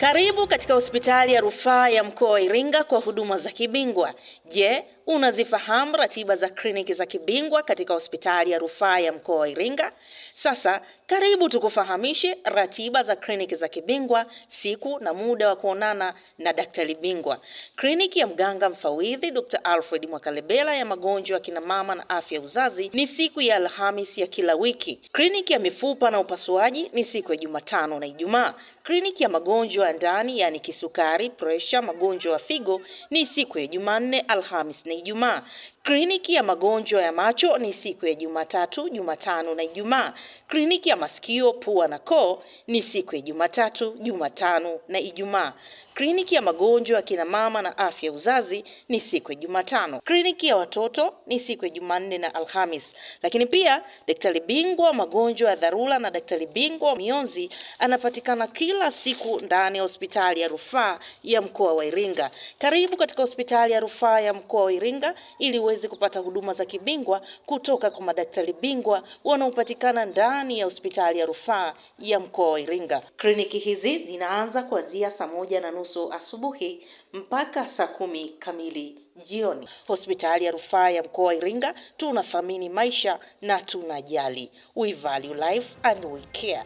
Karibu katika hospitali ya rufaa ya mkoa wa Iringa kwa huduma za kibingwa. Je, unazifahamu ratiba za kliniki za kibingwa katika hospitali ya rufaa ya mkoa wa Iringa? Sasa karibu tukufahamishe ratiba za kliniki za kibingwa, siku na muda wa kuonana na daktari bingwa. Kliniki ya mganga mfawidhi Dr. Alfred Mwakalebela ya magonjwa ya kina mama na afya uzazi ni siku ya Alhamis ya kila wiki. Kliniki ya mifupa na upasuaji ni siku ya Jumatano na Ijumaa. Kliniki ya magonjwa wa ndani yaani kisukari, presha, magonjwa ya figo ni siku ya Jumanne, Alhamis na Ijumaa. Kliniki ya magonjwa ya macho ni siku ya Jumatatu, Jumatano na Ijumaa. Kliniki ya masikio, pua na koo ni siku ya Jumatatu, Jumatano na Ijumaa. Kliniki ya magonjwa ya kina mama na afya ya uzazi ni siku ya Jumatano. Kliniki ya watoto ni siku ya Jumanne na Alhamis. Lakini pia daktari bingwa magonjwa ya dharura na daktari bingwa mionzi anapatikana kila siku ndani ya hospitali ya rufaa ya mkoa wa Iringa. Karibu katika hospitali ya rufaa ya mkoa wa Iringa ili uweze kupata huduma za kibingwa kutoka kwa madaktari bingwa wanaopatikana ndani ya hospitali ya rufaa ya mkoa wa Iringa. Kliniki hizi zinaanza kuanzia saa moja na nusu asubuhi mpaka saa kumi kamili jioni. Hospitali ya rufaa ya mkoa wa Iringa, tunathamini maisha na tunajali. We value life and we care.